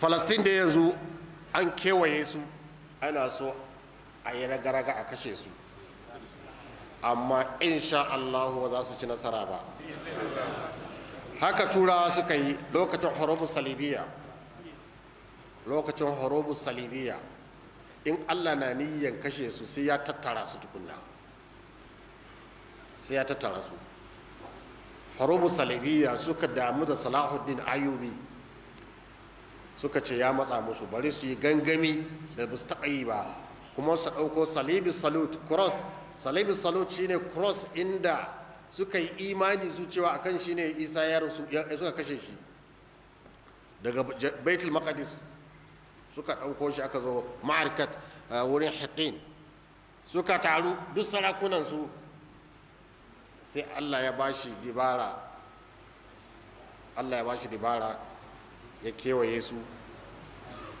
falastin da yanzu an kewaye su ana so a yi raga a kashe su amma insha allahu ba za su ci nasara ba haka turawa suka yi lokacin horobu salibiya lokacin horobu salibiya in allah na niyyan kashe su sai ya tattara su tukunna sai ya tattara su salibiya suka damu da salahuddin ayubi suka ce ya matsa musu bari su yi gangami da ba su taɓa yi ba kuma su ɗauko salibi salut cross salibi salut shine cross inda suka yi imani su cewa akan shine isa ya rasu suka kashe shi daga baitul maqdis suka ɗauko shi aka zo ma'arkat wurin haƙin suka taru duk sarakunansu sai allah ya bashi dibara allah ya bashi dibara ya kewaye su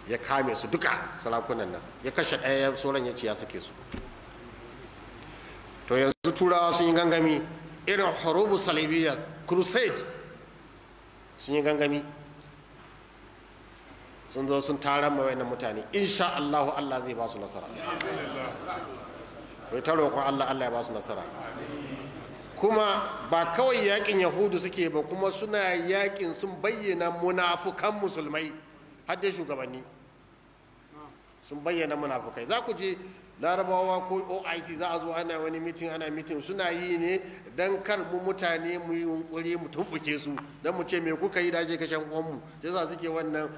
ya kame su duka salakunan nan ya kashe ɗaya sauran ya ce ya suke su to yanzu turawa sun yi gangami irin horobu salibiyas crusade sun yi gangami sun zo sun taron mawai na mutane insha Allah Allah zai ba su nasara ta roƙon Allah Allah ya ba su nasara kuma ba kawai yakin yahudu suke ba kuma suna yakin sun bayyana munafukan musulmai har shugabanni sun bayyana munafukai za ku ji larabawa ko oic za a zo ana wani mitin ana mitin suna yi ne don kar mu mutane mu yi yunkuri mu tumbuke su don mu ce me kuka yi dace kashen uwanmu yasa suke wannan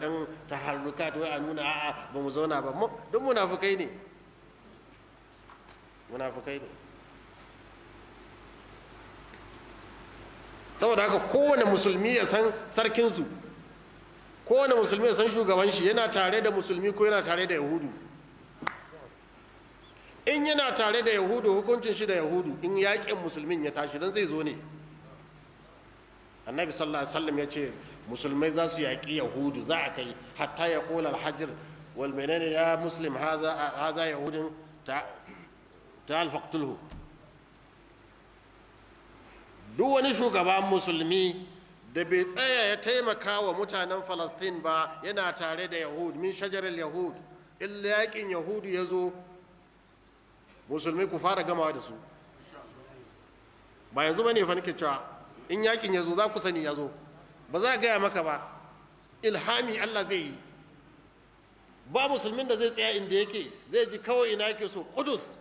dan taharruka ta a nuna a'a ba mu zauna ba duk munafukai ne munafukai ne saboda haka kowane musulmi ya san sarkinsu kowane musulmi ya san shugaban shi yana tare da musulmi ko yana tare da yahudu in yana tare da yahudu hukuncin shi da yahudu in yaƙin musulmin ya tashi don zai zo ne annabi sallallahu alaihi wasallam ya ce musulmai za su yaƙi yahudu za a kai hatta ya ƙola alhajir wal menene ya muslim haza yahudin ta alfaktulhu duk wani shugaban musulmi da bai tsaya ya taimaka wa mutanen falastin ba yana tare da yahud min shajarar yahud illa yakin yahudu ya zo musulmi ku fara gamawa da su ba yanzu ba ne fa nake cewa in yakin ya zo za ku sani ya zo ba za a gaya maka ba ilhami allah zai yi ba musulmin da zai tsaya inda yake zai ji kawai ina yake so kudus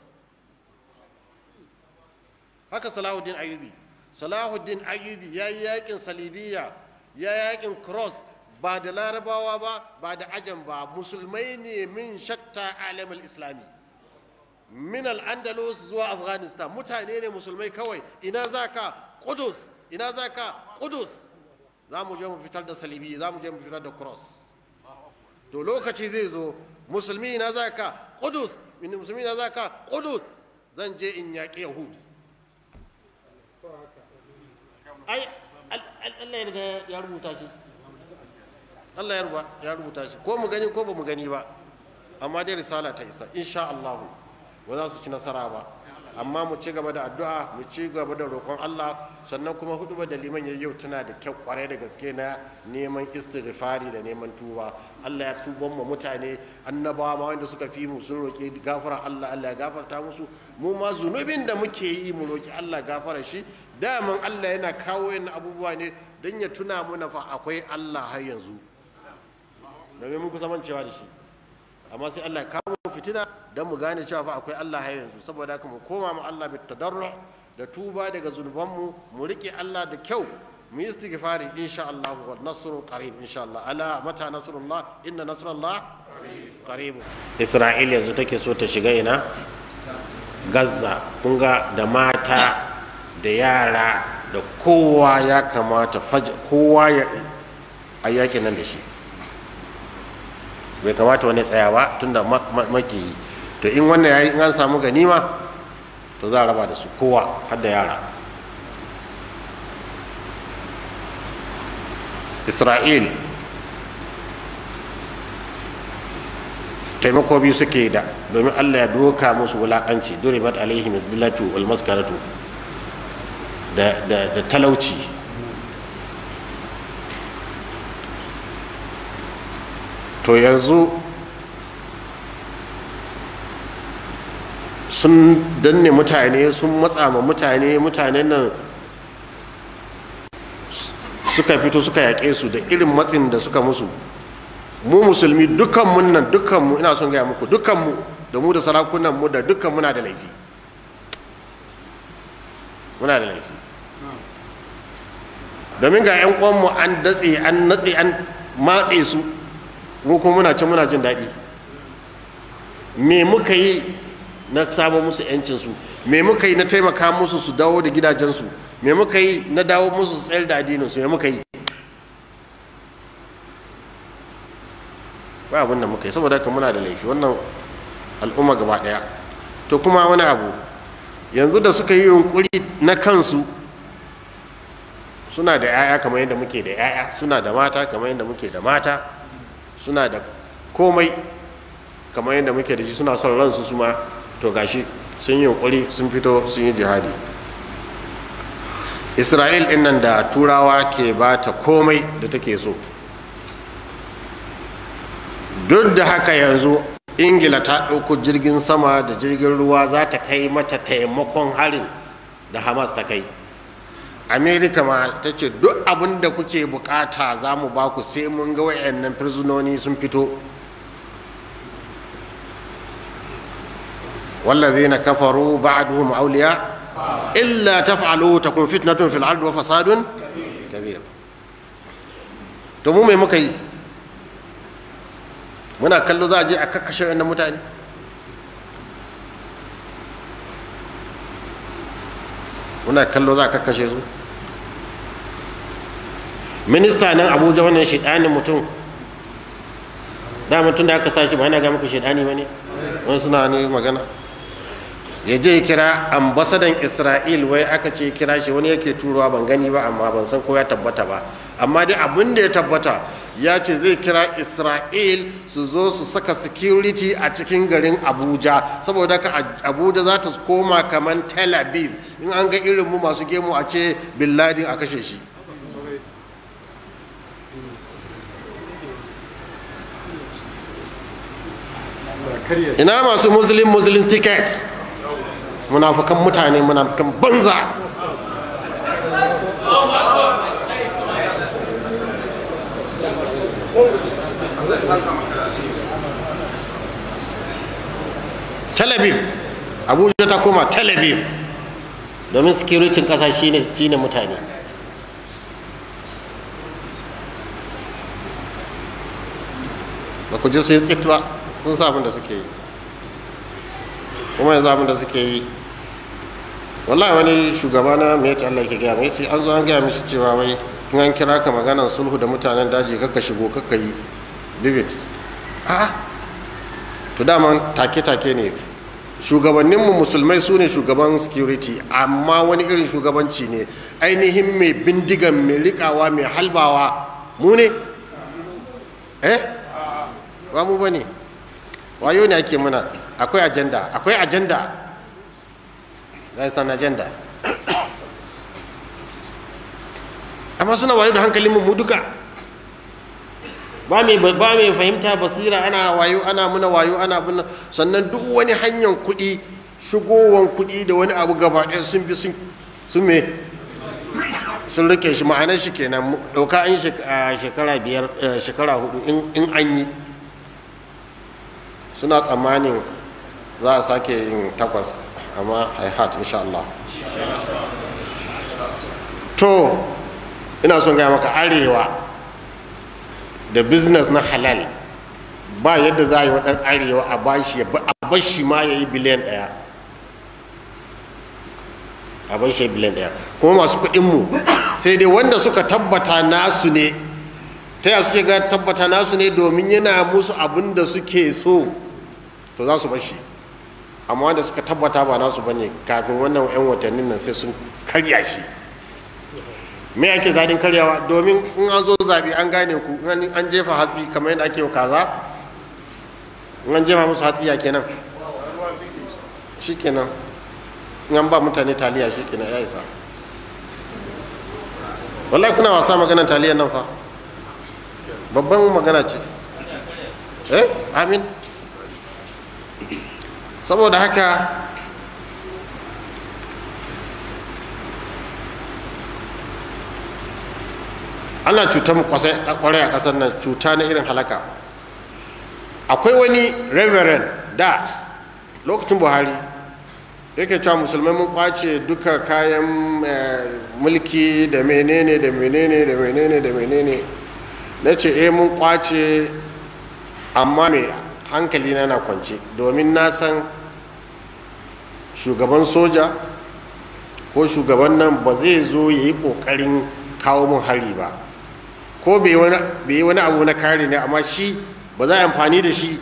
haka salahuddin ayubi salahuddin ayyubi ya yi yakin salibiya ya yakin cross ba da larabawa ba ba da ajan ba musulmai ne min shatta alamul islami min al-andalus zuwa afghanistan mutane ne musulmai kawai ina za ka kudus ina za ka kudus za mu je mu fitar da salibi za mu je mu fitar da cross to lokaci zai zo musulmi ina za ka kudus musulmi ina za ka kudus zan je in yaƙi yahudi ai Allah ya riga ya rubuta shi Allah ya ya rubuta shi ko mu gani ko ba mu gani ba amma dai risala ta isa insha Allah ba za su ci nasara ba amma mu ci gaba da addu'a mu ci gaba da roƙon Allah sannan kuma hudu da liman ya yau tana da kyau kwarai da gaske na neman istighfari da neman tuba Allah ya tuban mu mutane annabawa ma wanda suka fi mu sun roƙi gafara Allah Allah ya gafarta musu mu ma zunubin da muke yi mu roƙi Allah gafara shi daman Allah yana kawo yin abubuwa ne don ya tuna muna fa akwai Allah har yanzu domin mun kusa mancewa da shi amma sai Allah ya kawo fitina don mu gane cewa fa akwai Allah har yanzu saboda haka mu koma mu Allah bi tadarru da tuba daga zunuban mu rike Allah da kyau mu istighfari insha Allah wa nasru qarib insha Allah ala mata nasrullah inna nasrullah qarib Isra'il yanzu take so ta shiga ina Gaza kun ga da mata da yara da kowa ya kamata kowa ya ayyakin nan da shi bai kamata wani tsaya ba tunda yi to in wannan yi in an samu ganima to za a raba da su kowa har da yara isra'il taimako biyu suke da domin allah ya doka musu wulaƙanci duribat alaihim dillatu wal maskaratu da talauci to yanzu sun danne mutane sun matsa ma mutane mutanen nan suka fito suka yaƙe su da irin matsin da suka musu mu musulmi dukkanmu nan dukkanmu ina son gaya muku dukkanmu da mu da sarakunanmu da dukkan muna da laifi muna da laifi domin ga 'yan uwanmu an datse an natse an matse su mu kuma muna ci muna jin daɗi me muka yi na samo musu yancinsu me muka yi na taimaka musu su dawo da gidajensu me muka yi na dawo musu su tsayar da addininsu me muka yi ba abin da muka yi saboda haka muna da laifi wannan al'umma gaba ɗaya to kuma wani abu yanzu da suka yi yunkuri na kansu suna da 'ya'ya kamar yadda muke da 'ya'ya suna da mata kamar yadda muke da mata suna da komai kamar yadda muke da shi suna son ransu su ma to gashi sun yi yunkuri sun fito sun yi jihadi isra'il din nan da turawa ke ba ta komai da take so duk da haka yanzu ingila ta ɗauko jirgin sama da jirgin ruwa za ta kai mata taimakon harin da hamas ta kai america ma ta ce duk abin da kuke bukata za mu ba ku sai mun ga wayannan firzunoni sun fito zai na kafaru ba'aduhum ma'auliya. illa ta ta taf'alu fitna tun fil ardi wa fasadun kabir to mu me muka yi muna kallo za a je a kakkashe wayannan mutane muna kallo za a kakkashe su minista nan abuja wannan shidanin mutum da mutum da aka sa shi ba yana ga muku shidani ba ne wani suna ne magana ya je kira ambasadan isra'il wai aka ce kira shi wani yake turuwa ban gani ba amma ban san ko ya tabbata ba amma dai abin da ya tabbata ya ce zai kira isra'il su zo su saka security a cikin garin abuja saboda ka abuja za ta koma kamar tel aviv in an ga irinmu masu gemu a ce bin ladin a kashe shi ina masu muslim muslim ticket munafukan mutane munafukan banza talabib abuja ta koma talabib domin sikiritin ƙasa shine shine mutane ba ku ji su yi tsitwa sun sa da suke yi kuma yanzu abin da suke yi wallahi wani shugaba na mai ta Allah ke gaya mai ce an zo an gaya mishi cewa wai in an kira ka maganar sulhu da mutanen daji kakka shigo kakka yi bibit a to daman take-take ne shugabanninmu musulmai su ne shugaban security amma wani irin shugabanci ne ainihin mai bindigan mai likawa mai halbawa mu ne eh ba mu ba ne wayo ne ake muna akwai ajanda akwai ajanda zai san ajanda amma suna wayo da hankalin mu duka ba mai ba mai fahimta basira ana wayo ana muna wayo ana muna sannan duk wani hanyar kuɗi shigowan kuɗi da wani abu gaba ɗaya sun bi sun sun me sun rike shi ma'anar shi kenan ɗauka an shekara biyar eh, shekara hudu in an yi suna tsammanin za a sake yin takwas amma haihat insha Allah to ina son gaya maka arewa da business na halal ba yadda za a yi waɗan arewa a bashi a bashi ma ya yi biliyan ɗaya a bashi biliyan ɗaya kuma masu kuɗinmu sai dai wanda suka tabbata nasu ne ta yi suke ga tabbata nasu ne domin yana musu abin da suke so to za su bashi amma wanda suka tabbata ba nasu bane kafin wannan 'yan watannin nan sai sun karya shi me ake zanen karyawa domin in an zo zabi an gane ku in an jefa hatsi kamar yadda ake kaza in an jefa musu hatsi ya kenan shi kenan in an ba mutane taliya shi kenan ya isa wallahi kuna wasa maganar taliyar nan fa babban magana ce eh amin saboda haka ana cutar mu kwasai kwarai a ƙasar nan cuta na irin halaka akwai wani reverend da lokacin buhari yake cewa musulmai mun kwace duka kayan eh, mulki da menene da menene da menene da menene na ce eh mun kwace amma mai hankali na na kwance domin na san shugaban soja ko shugaban nan ba zai zo ya yi ƙoƙarin kawo mun hari ba ko bai yi wani abu na kare ne amma shi ba za a amfani da shi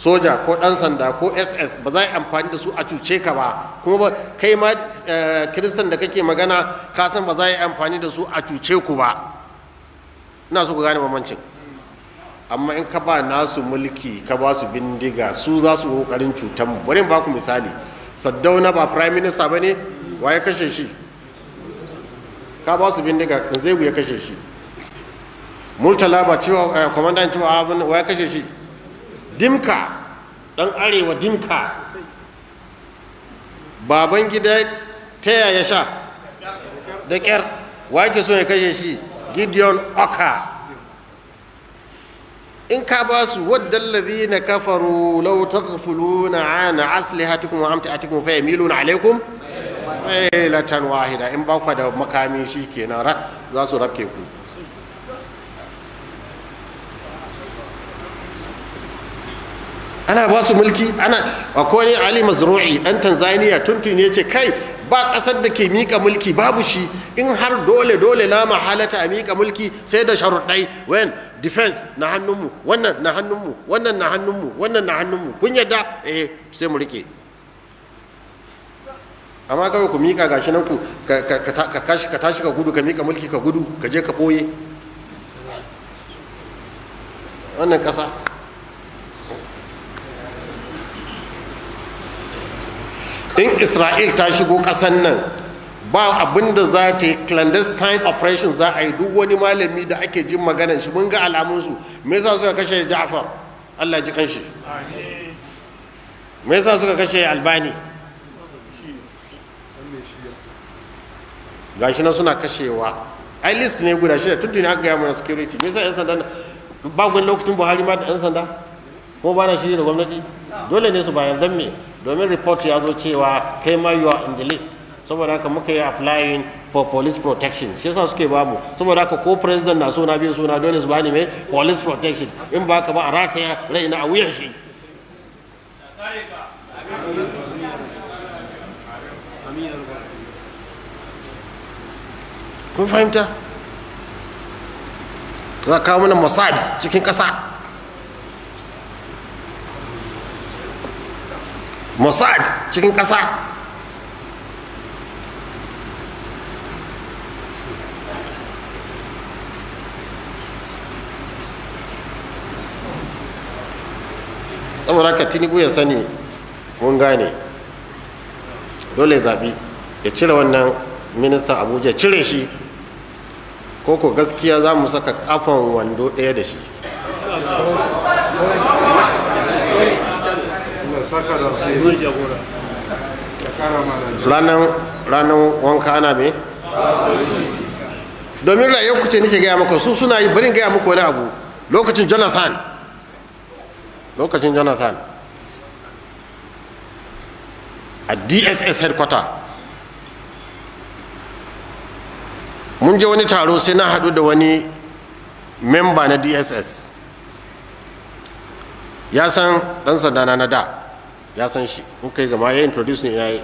soja ko ɗan sanda ko ss ba za a amfani da su a cuce ka ba kuma ba kai ma eh, kiristan da kake magana ka san ba za a amfani da su a cuce ku ba ina so ku gane bambancin amma in ka ba nasu mulki ka ba su bindiga su za su kokarin cutar mu bari ba ku misali saddauna ba prime minister ba ne wa ya kashe shi ka ba su bindiga kan zai ya kashe shi murtala ba cewa kwamandan eh, cewa abin waya ya kashe shi dimka dan arewa dimka baban gida ta yaya sha da ƙyar wa so ya kashe shi gideon oka in ka ba su waddan na kafaru law kuma an aslihatikum wa amtiatikum fa yamiluna alaikum latan wahida in ba da makami kenan rak za su rafke ku ana ba su mulki ana akwai ali mazru'i ɗan tanzania tuntun ya ce kai ba ƙasar da ke mika mulki babu shi in har dole dole na mahalata a mika mulki sai da sharuɗai wen defense na hannunmu wannan na hannunmu wannan na hannunmu wannan na hannunmu kun yadda eh sai mu rike amma kawai ku mika gashi nan ku ka tashi ka gudu ka mika mulki ka gudu ka je ka ɓoye wannan ƙasa in isra'il ta shigo ƙasan nan ba abin da za ta yi clandestine operation za a yi duk wani malami da ake jin magana shi mun ga alamunsu me su suka kashe ja'afar? allah ji kanshi me su suka kashe albani Ga shi na suna kashewa ai list ne guda shida tun tuni aka gaya mana security me yasa yan sanda ba gwani lokacin buhari ma da yan sanda ko ba na shiri da gwamnati dole ne su bayar don me domin report ya zo cewa kai ma you are in the list saboda haka muka yi applying for police protection shi yasa suke bamu saboda haka ko president na suna biyu suna dole su bani mai police protection in ba ka ba a rataya raina a wuyan shi kun fahimta za kawo mana masadi cikin ƙasa mossad cikin ƙasa saboda ka tinubu ya sani mun gane dole zaɓi ya cire wannan minista abuja cire shi koko gaskiya za mu saka ƙafan wando ɗaya da shi Eh. ranar wanka ana me domin rayuwar ku ce gaya maka su suna yi barin gaya muku wani abu lokacin jonathan lokacin jonathan a dss headquarter mun je wani taro sai na haɗu da wani memba na dss ya san ɗan sandana na da ya san shi in kai gama ya introduce ne yayi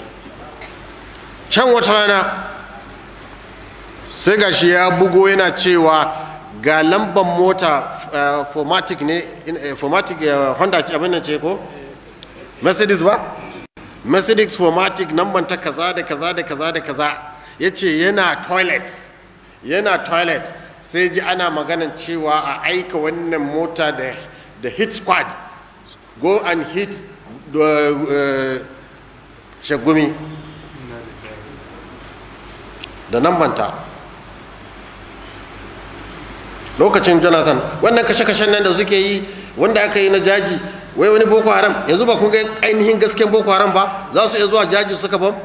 can wata rana sai gashi ya bugo yana cewa ga lambar mota eh, formatic ne eh, formatic eh, honda abin ce ko mercedes ba mercedes formatic namban ta kaza da kaza da kaza da kaza ya ce yana toilet yana toilet sai ji ana maganan cewa a aika wannan mota da hit squad go and hit E, e, shagumi da nan banta lokacin jonathan wannan kashe-kashen nan da suke yi wanda aka yi na jaji wai wani boko haram yanzu ba kunga ga ainihin gasken boko haram ba za su iya zuwa jaji suka bam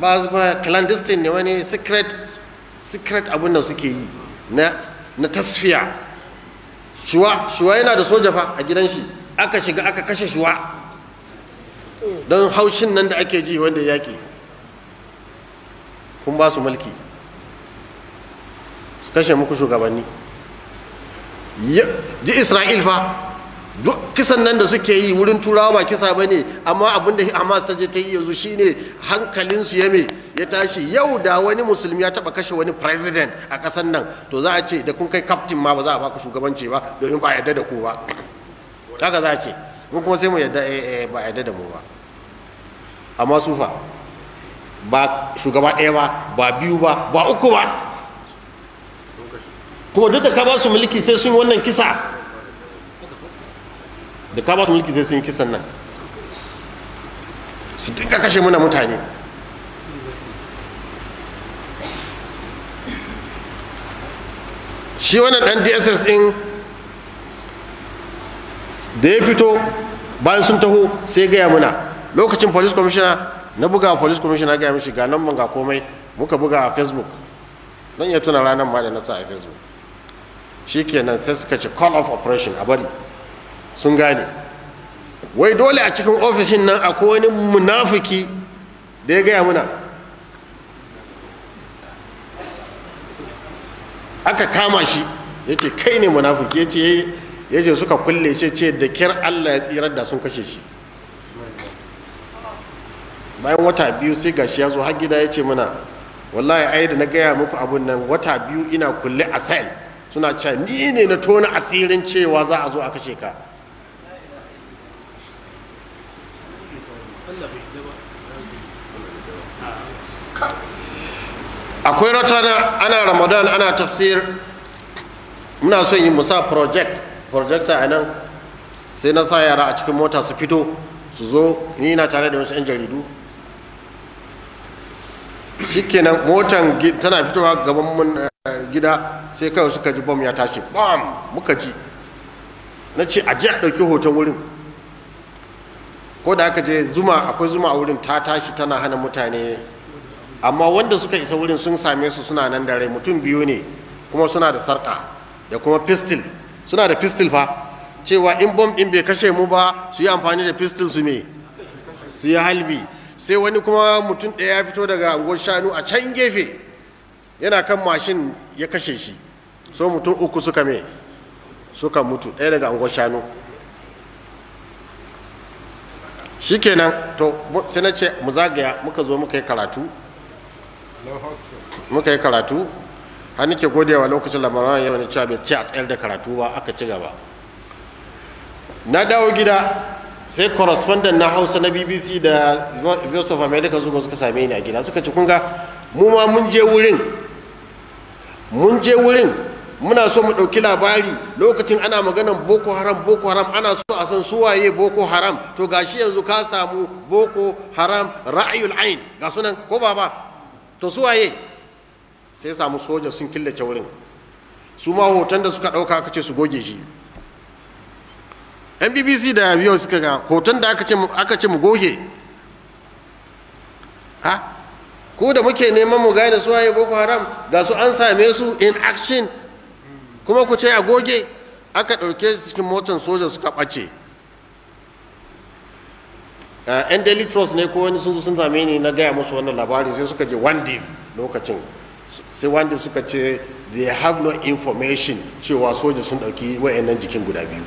ba ba clandestine ne wani secret secret abin da suke yi na tasfiya shuwa yana da soja fa a gidan shi aka shiga aka kashe shuwa don haushin nan da ake ji wanda yaƙi kun ba su mulki su kashe muku shugabanni ji isra'il fa duk kisan nan da suke yi wurin turawa ba kisa ba ne amma abin da hamas ta je ta yi yanzu shi ne hankalinsu ya me ya tashi yau da wani musulmi ya taba kashe wani president a kasan nan to za a ce da kun kai captain ma ba za a baku shugabanci ba domin ba yarda da ku ba kaga za ce mun kuma sai mu yadda eh, eh, ba yadda da mu ba amma sufa ba shugaba ɗaya ba ba biyu ba ba uku ba kuma duk da ka ba su mulki sai sun wannan kisa da ka ba su mulki sai sun yi kisan nan su dinga kashe muna mutane shi wannan dan dss din da ya fito bayan sun taho sai gaya muna lokacin police commissioner na buga police commissioner gaya mishi ga nan ga komai muka buga a facebook zan iya tuna ranar ma da na sa a facebook shi nan sai suka ce call of operation a bari sun gane wai dole a cikin ofishin nan akwai wani munafiki da ya gaya muna aka kama shi ya ce kai ne munafiki ya ce eh, ya ce suka kulle shi ce da kyar allah ya tsirar da sun kashe shi bayan wata biyu sai gashi ya zo har gida ya ce mana wallahi ai da na gaya muku abun nan wata biyu ina kulle a sel suna cewa ni ne na tona asirin cewa za a zo a kashe ka akwai rata ana ramadan ana tafsir muna son yi musa project projector a nan sai na sa yara a cikin mota su fito su zo ni na tare da wasu 'yan jaridu kenan motan tana fitowa gaban mun eh, gida sai kawai suka ji bom ya tashi bam muka ji na ce a ji a ɗauki hoton wurin ko da aka je zuma akwai zuma a wurin ta tashi tana hana mutane amma wanda suka isa wurin sun same su suna nan da rai mutum biyu ne kuma suna da sarƙa da kuma fistil suna da pistol fa cewa in bom din bai kashe mu ba su yi amfani da pistol su me su yi halbi sai wani kuma mutum ɗaya ya fito daga angon shanu a can gefe yana kan mashin ya kashe shi so mutum uku suka me suka mutu ɗaya daga angon shanu shi kenan to sai na ce mu zagaya muka zo muka yi karatu muka yi karatu har nake godewa lokacin lamarin yau wani cewa bai ci a tsayar da karatu ba aka ci gaba na dawo gida sai correspondent na hausa na bbc da voice of america zuwa suka same ni a gida suka ci kunga mu ma mun je wurin mun je wurin muna so mu ɗauki labari lokacin ana maganan boko haram boko haram ana so a san suwaye boko haram to gashi yanzu ka samu boko haram ra'ayul ain ga sunan ko ba to suwaye sai samu soja sun killace wurin su ma hoton da suka ɗauka aka ce su goge shi mbbc da biyo suka ga hoton da aka ce mu goge ha ko da muke neman mu gane su waye boko haram ga su an same su in action kuma ku ce a goge aka ɗauke su cikin motan soja suka ɓace yan daily trust ne ko wani sun sun same ni na gaya musu wannan labarin sai suka je one day lokacin sai wanda suka ce they have no information cewa soja sun ɗauki wayannan jikin guda biyu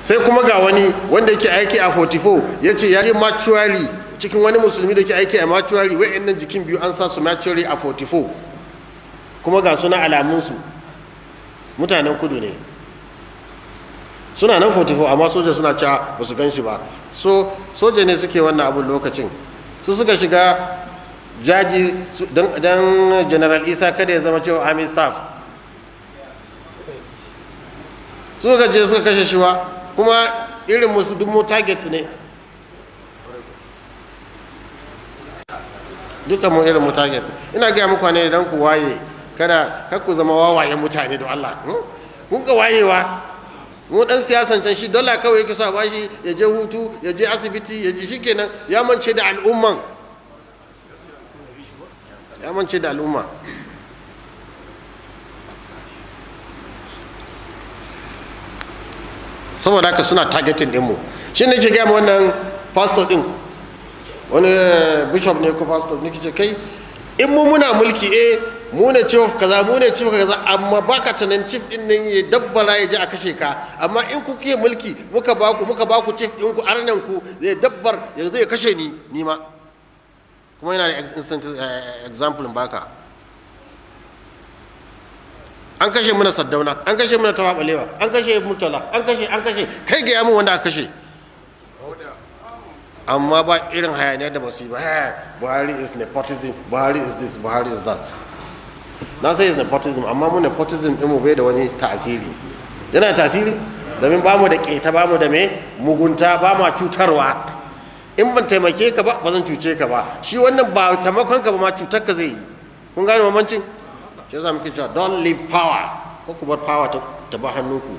sai kuma ga wani wanda yake aiki a 44 ya ce ya yi mortuary cikin wani musulmi da ke aiki a mortuary wayannan jikin biyu an sa su mortuary a 44 kuma ga suna alamunsu mutanen kudu ne suna nan 44 amma soja suna cewa ba su gan shi ba so soja ne suke wannan abun lokacin su suka shiga jaji don general isa kada ya zama cewa army staff suka je suka kashe shiwa kuma irin musu dummo target ne dukkan mu irin mu target ina gaya muku ne don ku waye kada kar ku zama wawaye mutane da Allah hmm? kun ga wayewa mu dan siyasan can shi dala kawai yake so a bashi ya je hutu ya je asibiti ya ji shikenan ya mance da al'umman ya mance da al'umma saboda haka suna targeting ɗinmu shi ne ke gaya wannan pastor ɗin wani eh, bishop ne ko pastor ne ke kai in mu muna mulki eh mu ne chief kaza mu ne chief kaza amma ka tanan chief din nan ya dabbara ya ji a kashe ka amma in ku kiye mulki muka ba muka cif chief din ku arnan ku zai dabbar ya zai kashe ni ni ma kuma yana da eh, example baka an kashe mana saddauna an kashe mana balewa an kashe mutala an kashe an kashe kai ga yamu wanda aka kashe amma ba irin hayaniyar da ba yi ba buhari is nepotism buhari is this buhari is that na sai is nepotism amma mu nepotism din mu bai da wani tasiri yana tasiri domin ba mu da keta ba mu da me mugunta ba mu cutarwa in ban taimake ka ba ba zan cuce ka ba shi wannan ba taimakon ka ba ma cutar ka zai yi kun gane mamancin shi yasa muke cewa don leave power ko ku bar power ta ba hannu ku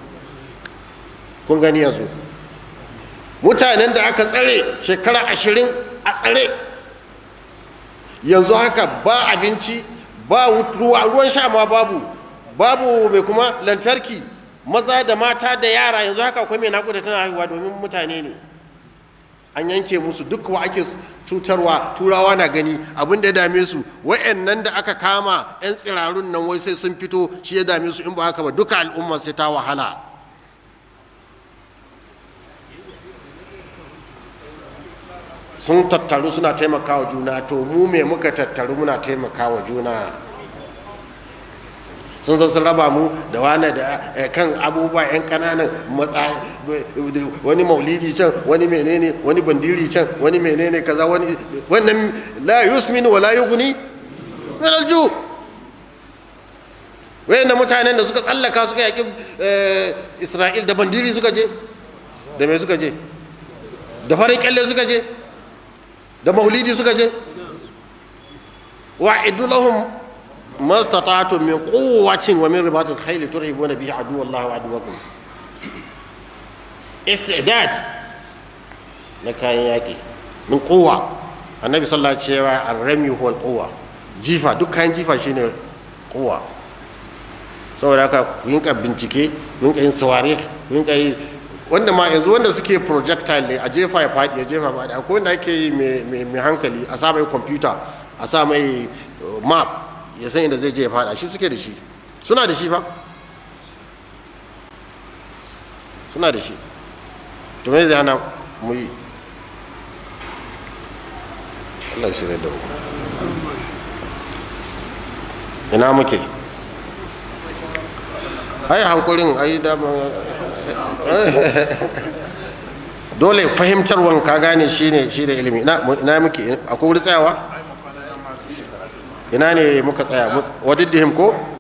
kun gani yanzu mutanen da aka tsare shekara ashirin a tsare yanzu haka ba abinci ba ruwa ruwan sha ma babu babu mai kuma lantarki maza da mata da yara yanzu haka akwai mai naƙuda tana haihuwa domin mutane ne an yanke musu duk wa ake cutarwa turawa na gani abin da ya dame su wa'annan da aka kama 'yan tsirarun nan wai sai sun fito shi ya dame su in ba haka ba duka al'umma sai ta wahala sun tattaru suna taimakawa juna to mu me muka tattaru muna taimakawa juna sun zo sun raba mu da wani da eh, kan abubuwa yan kananan wani maulidi can wani menene wani bandiri can wani menene kaza wani wannan la yusmin wa la yughni min alju wayanda mutanen da suka tsallaka suka yaki eh, Isra'il da bandiri suka je da me suka je da farin kyalle suka je da maulidi suka je wa'idu lahum mastata'tum min quwwatin wa min ribatil khayl turhibuna bihi aduwallahi wa aduwakum istidad na kayan yaƙi, min kowa. annabi sallallahu alaihi wasallam cewa a ramy huwa kowa. jifa duk kayan jifa shine quwwa saboda haka ku yinka bincike yinka yin sawari yinka yi wanda ma yanzu wanda suke projectile ne a jefa ya faɗi a jefa faɗi akwai wanda ake yi mai hankali a sa mai kwamfuta a sa mai map ya san inda zai je ya fada shi suke da shi suna da shi fa suna da shi to me zai hana mu yi Allah shi da mu ina muke ai hankulin ai da dole fahimtar wanka gane shine shi da ilimi na muke akwai wuri tsayawa ina ne muka tsaya wadiddihim ko